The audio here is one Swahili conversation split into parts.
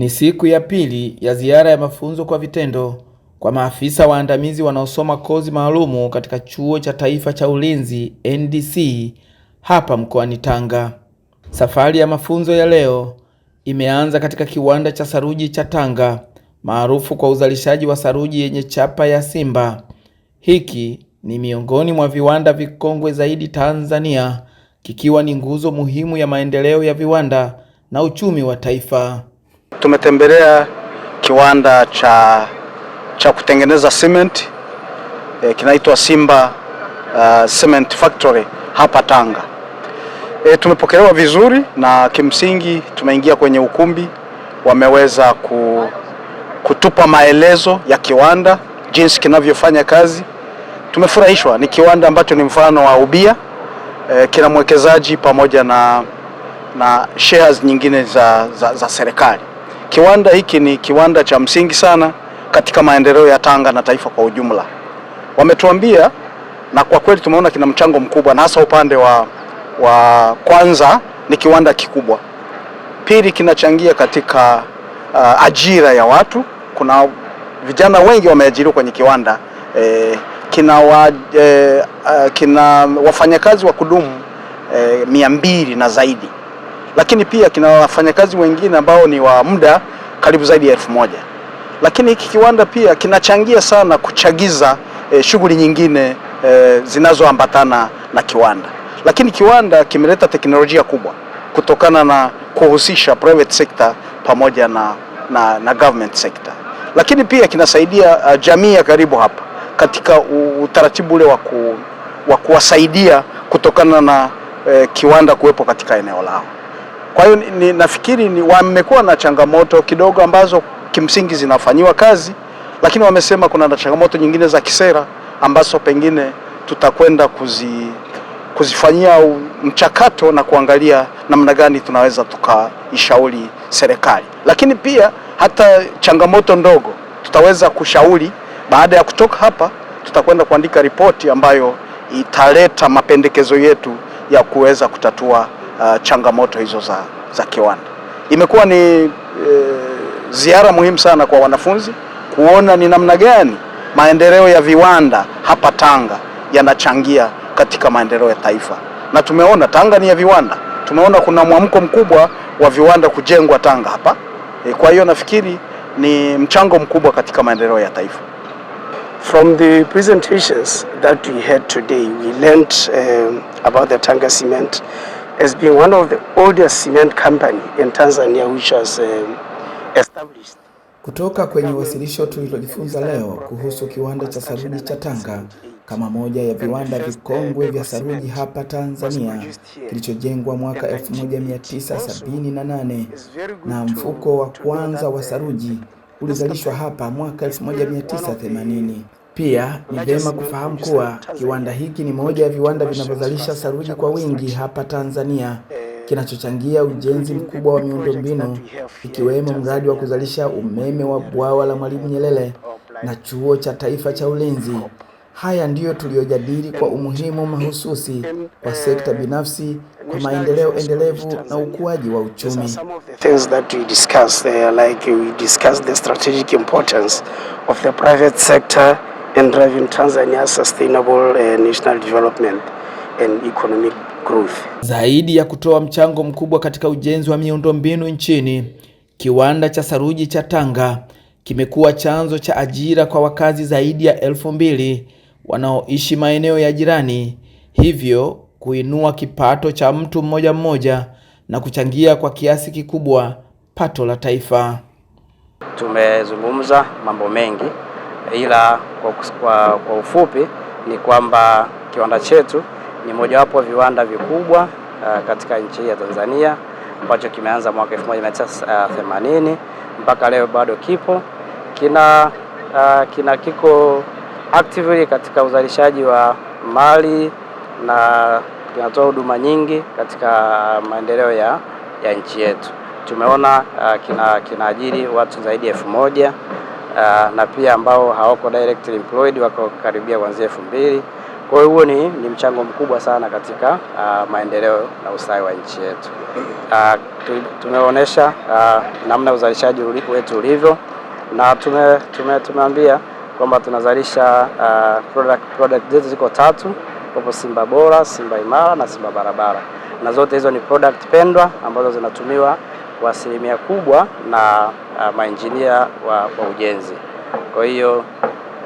Ni siku ya pili ya ziara ya mafunzo kwa vitendo kwa maafisa waandamizi wanaosoma kozi maalumu katika Chuo cha Taifa cha Ulinzi NDC hapa mkoani Tanga. Safari ya mafunzo ya leo imeanza katika kiwanda cha saruji cha Tanga maarufu kwa uzalishaji wa saruji yenye chapa ya Simba. Hiki ni miongoni mwa viwanda vikongwe zaidi Tanzania, kikiwa ni nguzo muhimu ya maendeleo ya viwanda na uchumi wa taifa. Tumetembelea kiwanda cha, cha kutengeneza cement e, kinaitwa Simba uh, Cement Factory hapa Tanga. E, tumepokelewa vizuri na kimsingi tumeingia kwenye ukumbi, wameweza ku, kutupa maelezo ya kiwanda jinsi kinavyofanya kazi. Tumefurahishwa, ni kiwanda ambacho ni mfano wa ubia e, kina mwekezaji pamoja na, na shares nyingine za, za, za serikali. Kiwanda hiki ni kiwanda cha msingi sana katika maendeleo ya Tanga na taifa kwa ujumla. Wametuambia na kwa kweli tumeona kina mchango mkubwa, na hasa upande wa, wa kwanza ni kiwanda kikubwa, pili kinachangia katika uh, ajira ya watu. Kuna vijana wengi wameajiriwa kwenye kiwanda eh, kina, wa, eh, uh, kina wafanyakazi wa kudumu eh, mia mbili na zaidi lakini pia kina wafanyakazi wengine ambao ni wa muda karibu zaidi ya elfu moja. Lakini hiki kiwanda pia kinachangia sana kuchagiza eh, shughuli nyingine eh, zinazoambatana na kiwanda. Lakini kiwanda kimeleta teknolojia kubwa kutokana na kuhusisha private sector pamoja na, na, na government sector. Lakini pia kinasaidia uh, jamii ya karibu hapa katika utaratibu ule wa kuwasaidia kutokana na eh, kiwanda kuwepo katika eneo lao. Kwa hiyo ni, nafikiri ni wamekuwa na changamoto kidogo ambazo kimsingi zinafanyiwa kazi, lakini wamesema kuna na changamoto nyingine za kisera ambazo pengine tutakwenda kuzi, kuzifanyia mchakato na kuangalia namna gani tunaweza tukaishauri serikali, lakini pia hata changamoto ndogo tutaweza kushauri. Baada ya kutoka hapa, tutakwenda kuandika ripoti ambayo italeta mapendekezo yetu ya kuweza kutatua uh, changamoto hizo za za kiwanda. Imekuwa ni e, ziara muhimu sana kwa wanafunzi kuona ni namna gani maendeleo ya viwanda hapa Tanga yanachangia katika maendeleo ya taifa, na tumeona Tanga ni ya viwanda. Tumeona kuna mwamko mkubwa wa viwanda kujengwa Tanga hapa e, kwa hiyo nafikiri ni mchango mkubwa katika maendeleo ya taifa. From the presentations that we had today we learned um, about the Tanga cement as being one of the oldest cement company in Tanzania which has um, established. Kutoka kwenye wasilisho tulilojifunza leo kuhusu kiwanda cha saruji cha Tanga kama moja ya viwanda vikongwe vya saruji hapa Tanzania kilichojengwa mwaka 1978 na mfuko wa kwanza wa saruji ulizalishwa hapa mwaka 1980. Pia ni vema kufahamu kuwa kiwanda hiki ni moja ya viwanda vinavyozalisha saruji kwa wingi hapa Tanzania, eh, kinachochangia ujenzi mkubwa wa miundombinu ikiwemo mradi wa kuzalisha umeme wa bwawa la Mwalimu Nyerere na chuo cha taifa cha ulinzi. Haya ndiyo tuliyojadili kwa umuhimu mahususi eh, kwa sekta binafsi kwa maendeleo endelevu na ukuaji wa uchumi. Things that we there, like we the strategic importance of the private sector and driving Tanzania's sustainable uh, national development and economic growth. Zaidi ya kutoa mchango mkubwa katika ujenzi wa miundombinu nchini, kiwanda cha saruji cha Tanga kimekuwa chanzo cha ajira kwa wakazi zaidi ya elfu mbili wanaoishi maeneo ya jirani, hivyo kuinua kipato cha mtu mmoja mmoja na kuchangia kwa kiasi kikubwa pato la taifa. Tumezungumza mambo mengi ila kwa, kwa, kwa ufupi ni kwamba kiwanda chetu ni mojawapo viwanda vikubwa uh, katika nchi ya Tanzania ambacho kimeanza mwaka 1980 ah, mpaka leo bado kipo kina, uh, kina kiko actively katika uzalishaji wa mali na kinatoa huduma nyingi katika maendeleo ya, ya nchi yetu. Tumeona uh, kina, kinaajiri watu zaidi ya elfu moja uh, na pia ambao hawako directly employed wako karibia kuanzia elfu mbili. Kwa hiyo huo ni, ni mchango mkubwa sana katika uh, maendeleo na ustawi wa nchi yetu. Ah, uh, tumeonyesha uh, namna uzalishaji wetu ulivyo na tume, tume, tumeambia kwamba tunazalisha uh, product, product zetu ziko tatu hapo Simba Bora, Simba Imara na Simba Barabara, na zote hizo ni product pendwa ambazo zinatumiwa kwa asilimia kubwa na uh, maenjinia wa, wa ujenzi. Kwa hiyo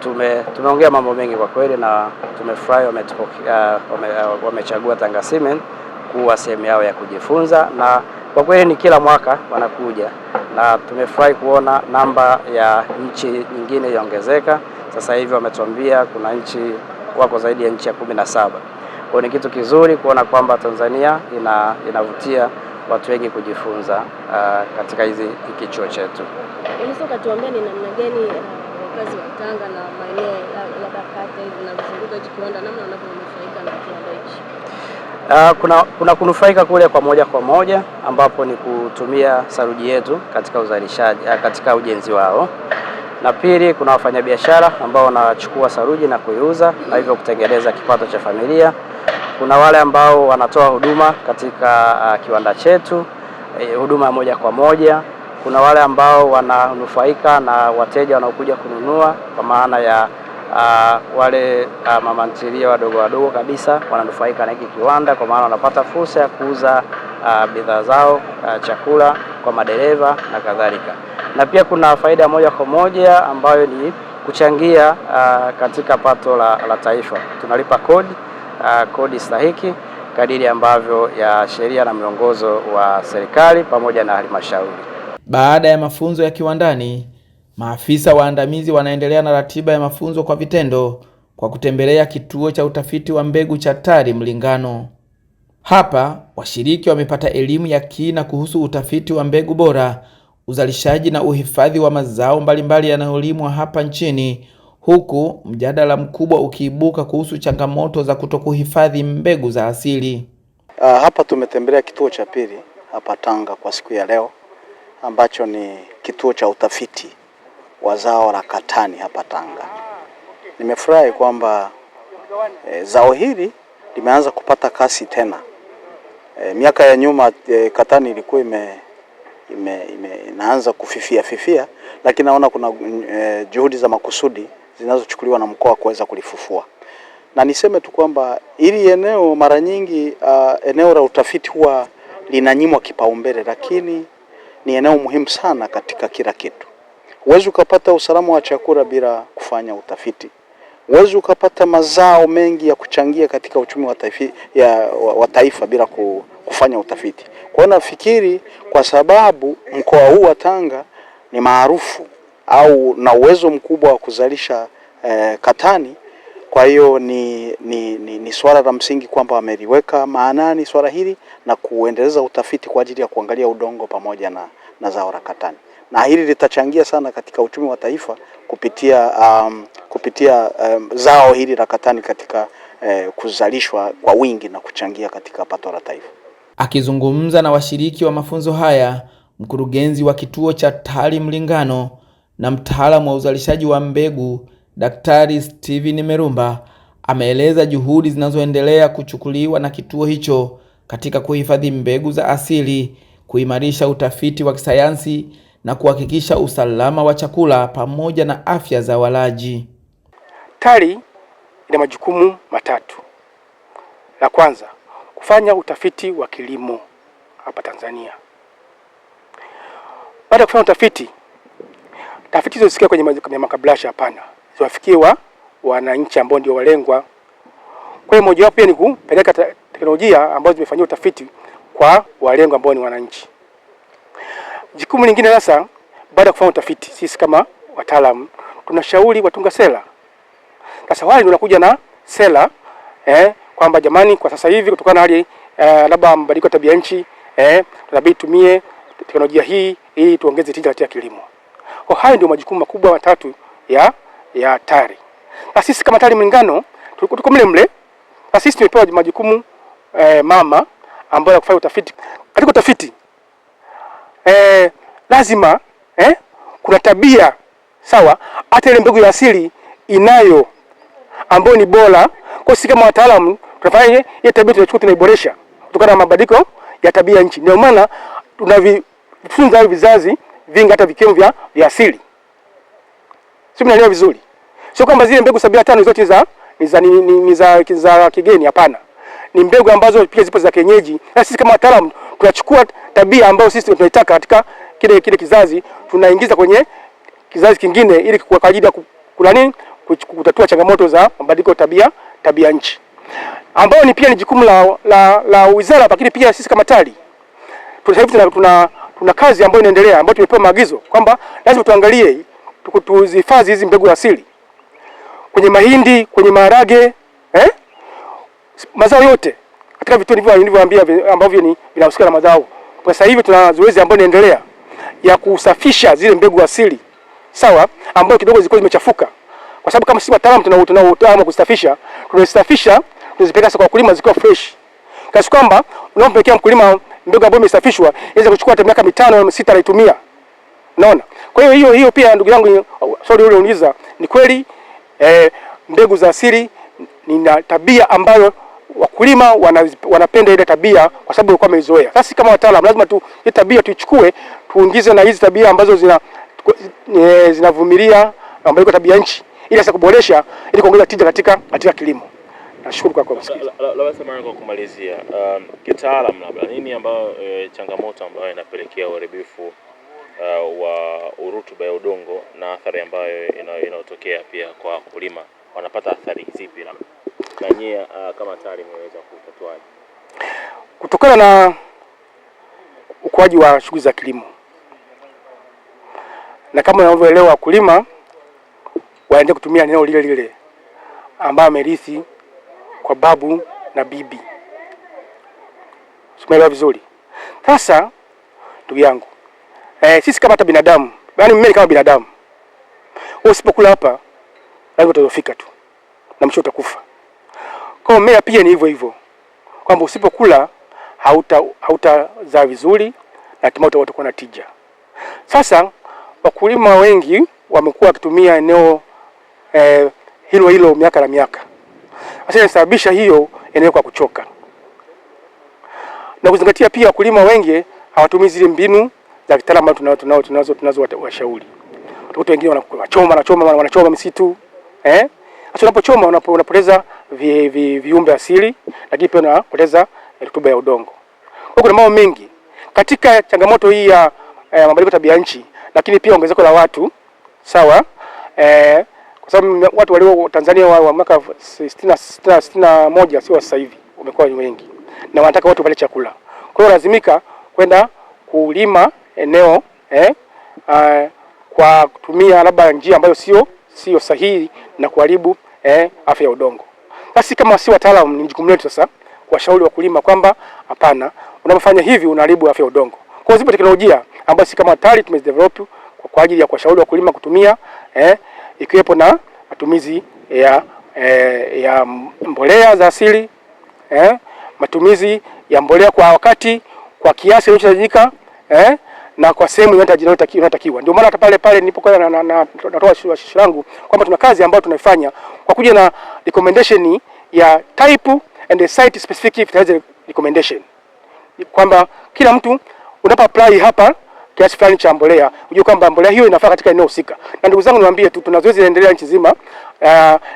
tume, tumeongea mambo mengi kwa kweli na tumefurahi wamechagua uh, wame, uh, Tanga Cement kuwa sehemu yao ya kujifunza, na kwa kweli ni kila mwaka wanakuja, na tumefurahi kuona namba ya nchi nyingine iongezeka. Sasa hivi wametuambia kuna nchi wako zaidi ya nchi ya kumi na saba. Kwa ni kitu kizuri kuona kwamba Tanzania ina, inavutia watu wengi kujifunza uh, katika hizi hiki chuo chetu. Unaweza ukatuambia ni namna gani wakazi uh, wa Tanga na maeneo labda kata hizi zinazozunguka hichi kiwanda namna wanavyonufaika na kiwanda hichi? Uh, kuna, kuna kunufaika kule kwa moja kwa moja ambapo ni kutumia saruji yetu katika uzalishaji uh, katika ujenzi wao, na pili kuna wafanyabiashara ambao wanachukua saruji na kuiuza na hivyo kutengeneza kipato cha familia. Kuna wale ambao wanatoa huduma katika uh, kiwanda chetu eh, huduma ya moja kwa moja. Kuna wale ambao wananufaika na wateja wanaokuja kununua kwa maana ya uh, wale uh, mamantilia wadogo wadogo kabisa wananufaika na hiki kiwanda kwa maana wanapata fursa ya kuuza uh, bidhaa zao uh, chakula kwa madereva na kadhalika, na pia kuna faida moja kwa moja ambayo ni kuchangia uh, katika pato la, la taifa. Tunalipa kodi uh, kodi stahiki kadiri ambavyo ya sheria na miongozo wa serikali pamoja na halmashauri. Baada ya mafunzo ya kiwandani, maafisa waandamizi wanaendelea na ratiba ya mafunzo kwa vitendo kwa kutembelea kituo cha utafiti wa mbegu cha TARI Mlingano. Hapa washiriki wamepata elimu ya kina kuhusu utafiti wa mbegu bora, uzalishaji na uhifadhi wa mazao mbalimbali yanayolimwa hapa nchini huku mjadala mkubwa ukiibuka kuhusu changamoto za kutokuhifadhi mbegu za asili. Uh, hapa tumetembelea kituo cha pili hapa Tanga kwa siku ya leo ambacho ni kituo cha utafiti wa zao la katani hapa Tanga. Nimefurahi kwamba e, zao hili limeanza kupata kasi tena. E, miaka ya nyuma e, katani ilikuwa ime, ime, ime inaanza kufifia fifia, lakini naona kuna e, juhudi za makusudi zinazochukuliwa na mkoa kuweza kulifufua. Na niseme tu kwamba hili eneo mara nyingi uh, eneo la utafiti huwa linanyimwa kipaumbele, lakini ni eneo muhimu sana katika kila kitu. Huwezi ukapata usalama wa chakula bila kufanya utafiti. Huwezi ukapata mazao mengi ya kuchangia katika uchumi wa taifa, ya, wa taifa bila kufanya utafiti. Kwa hiyo nafikiri kwa sababu mkoa huu wa Tanga ni maarufu au na uwezo mkubwa wa kuzalisha eh, katani. Kwa hiyo ni, ni, ni, ni swala la msingi kwamba wameliweka maanani swala hili na kuendeleza utafiti kwa ajili ya kuangalia udongo pamoja na, na zao la katani, na hili litachangia sana katika uchumi wa taifa kupitia, um, kupitia um, zao hili la katani katika eh, kuzalishwa kwa wingi na kuchangia katika pato la taifa. Akizungumza na washiriki wa mafunzo haya, mkurugenzi wa kituo cha TALI mlingano na mtaalamu wa uzalishaji wa mbegu Daktari Steven Merumba ameeleza juhudi zinazoendelea kuchukuliwa na kituo hicho katika kuhifadhi mbegu za asili, kuimarisha utafiti wa kisayansi na kuhakikisha usalama wa chakula pamoja na afya za walaji. TARI ina majukumu matatu. La kwanza, kufanya utafiti wa kilimo hapa Tanzania. Baada ya kufanya utafiti Tafiti zilizosikia kwenye makablasha, hapana, ziwafikie wa wananchi ambao ndio walengwa. Kwa hiyo mojawapo pia ni kupeleka teknolojia ambazo zimefanyiwa utafiti kwa walengwa ambao ni wananchi. Jukumu lingine sasa, baada ya kufanya utafiti, sisi kama wataalamu tunashauri watunga sera. Sasa wale ndio wanakuja na sera eh, kwamba jamani, kwa sasa hivi kutokana na hali eh, labda mabadiliko ya tabia nchi eh, tunabidi tumie teknolojia hii ili tuongeze tija katika kilimo. Kwa hayo ndio majukumu makubwa matatu ya ya TARI, na sisi kama TARI Mlingano tuko mle mle, na sisi tumepewa majukumu eh, mama ambayo ya kufanya utafiti. Katika utafiti eh, lazima eh, kuna tabia sawa, hata ile mbegu ya asili inayo ambayo ni bora. Kwa sisi kama wataalamu tunafanya ile tabia tunachukua, tunaiboresha kutokana na mabadiliko ya tabia nchi. Ndio maana tunavifunza vizazi vingi hata vikiwemo vya vya asili. Sio, mnaelewa vizuri. Sio kwamba zile mbegu 75 zote za ni za ni, ni za, za kigeni hapana. Ni mbegu ambazo pia zipo za kienyeji. Na sisi kama wataalamu tunachukua tabia ambayo sisi tunaitaka katika kile kile kizazi, tunaingiza kwenye kizazi kingine ili kwa ajili ya kula nini, kutatua changamoto za mabadiliko tabia tabia nchi, ambayo ni pia ni jukumu la la, la wizara, lakini pia sisi kama TARI sasa tuna kuna kazi ambayo inaendelea ambayo tumepewa maagizo kwamba lazima tuangalie tuzihifadhi hizi mbegu asili kwenye mahindi, kwenye maharage eh? mazao yote katika vituo nilivyoambia ambavyo ni vinahusika na mazao. Kwa sasa hivi tuna zoezi ambayo inaendelea ya kusafisha zile mbegu asili sawa, ambayo kidogo zilikuwa zimechafuka, kwa sababu kama sisi wataalamu tunao tunao kusafisha, tunazisafisha tunazipeleka kwa wakulima zikiwa fresh, kiasi kwamba unampelekea mkulima mbegu ambayo imesafishwa iweze kuchukua hata miaka mitano au sita naitumia. Unaona? Kwa hiyo hiyo hiyo pia ndugu yangu, uh, sorry, ule uniuliza ni kweli eh, mbegu za asili na tabia ambayo wakulima wanapenda ile tabia kwa sababu walikuwa wameizoea. Sasa kama wataalamu lazima tu ile tabia tuichukue, tuingize na hizi tabia ambazo zina eh, zinavumilia ambayo iko tabia nchi ili sasa kuboresha ili kuongeza tija katika katika kilimo. Nashukuru kwa kusikiliza. Labda samani kwa kumalizia, um, kitaalam labda nini ambayo e, changamoto ambayo inapelekea uharibifu uh, wa urutuba ya udongo na athari ambayo inayotokea pia kwa wakulima, wanapata athari zipi labda na nyie uh, kama TARI mmeweza kutatuaje kutokana na ukuaji wa shughuli za kilimo? Na kama unavyoelewa, wakulima waende kutumia eneo lile lile ambayo amerithi kwa babu na bibi. Simeelewa vizuri. Sasa ndugu yangu, e, sisi kama hata binadamu, yaani mimi kama binadamu, usipokula hapa lazima utazofika tu na mwisho utakufa. Kwa hiyo pia ni hivyo hivyo kwamba usipokula hauta hautazaa vizuri na kama utakuwa na tija. Sasa wakulima wengi wamekuwa wakitumia eneo eh, hilo hilo miaka na miaka asiyesababisha hiyo eneo kwa kuchoka na kuzingatia pia, wakulima wengi hawatumii zile mbinu za kitaalamu tunazo tunazo tunazo tunazo washauri. Watu wengine wanachoma wanachoma wanachoma misitu eh, hasa unapochoma unapoteza viumbe vi, vi asili, lakini pia unapoteza eh, rutuba ya udongo. Kwa kuna mambo mengi katika changamoto hii ya eh, mabadiliko tabia nchi, lakini pia ongezeko la watu sawa eh, kwa sababu watu walio Tanzania wa, mwaka sitini na moja sio sasa hivi, wamekuwa ni wengi na wanataka watu wapate chakula. Kwa hiyo lazimika kwenda kulima eneo eh, uh, kwa kutumia labda njia ambayo sio sio sahihi na kuharibu eh, afya ya udongo. Basi kama si wataalamu, ni jukumu letu sasa kuwashauri wakulima kwamba hapana, unapofanya hivi unaharibu afya ya udongo. Kwa hiyo zipo teknolojia ambazo si kama TARI tumezidevelop kwa ajili ya kuwashauri wakulima kutumia eh, ikiwepo na matumizi ya e, ya mbolea za asili eh, matumizi ya mbolea kwa wakati, kwa kiasi kinachohitajika eh, na kwa sehemu inayotakiwa. Ndio maana hata pale pale nilipokuwa na, na, na, natoa shauri langu kwamba tuna kazi ambayo tunaifanya kwa kuja na recommendation ya type and site specific fertilizer recommendation, kwamba kila mtu unapo apply hapa kiasi fulani cha mbolea, unajua kwamba mbolea hiyo inafaa katika eneo husika. Na ndugu zangu, niwaambie tu tuna zoezi linaendelea nchi nzima uh,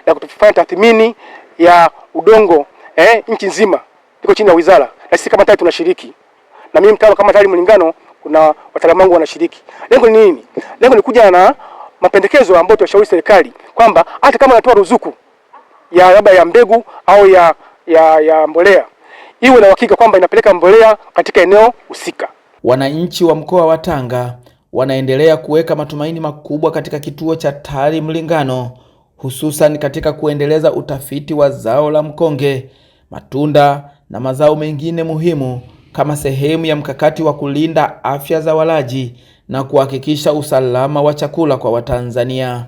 la kutufanya tathmini ya udongo eh, nchi nzima iko chini ya wizara, na sisi kama tayari tunashiriki, na mimi mtaalamu kama tayari Mlingano, kuna wataalamu wangu wanashiriki. Lengo ni nini? Lengo ni kuja na mapendekezo ambayo tunashauri serikali kwamba hata kama anatoa ruzuku ya labda ya mbegu au ya ya, ya mbolea iwe na uhakika kwamba inapeleka mbolea katika eneo husika. Wananchi wa mkoa wa Tanga wanaendelea kuweka matumaini makubwa katika kituo cha TARI Mlingano, hususan katika kuendeleza utafiti wa zao la mkonge, matunda na mazao mengine muhimu kama sehemu ya mkakati wa kulinda afya za walaji na kuhakikisha usalama wa chakula kwa Watanzania.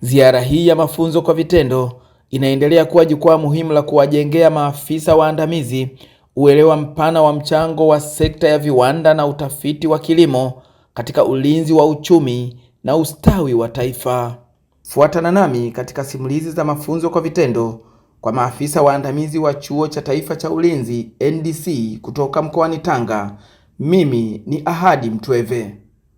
Ziara hii ya mafunzo kwa vitendo inaendelea kuwa jukwaa muhimu la kuwajengea maafisa waandamizi uelewa mpana wa mchango wa sekta ya viwanda na utafiti wa kilimo katika ulinzi wa uchumi na ustawi wa taifa. Fuatana nami katika simulizi za mafunzo kwa vitendo kwa maafisa waandamizi wa Chuo cha Taifa cha Ulinzi NDC kutoka mkoani Tanga. Mimi ni Ahadi Mtweve.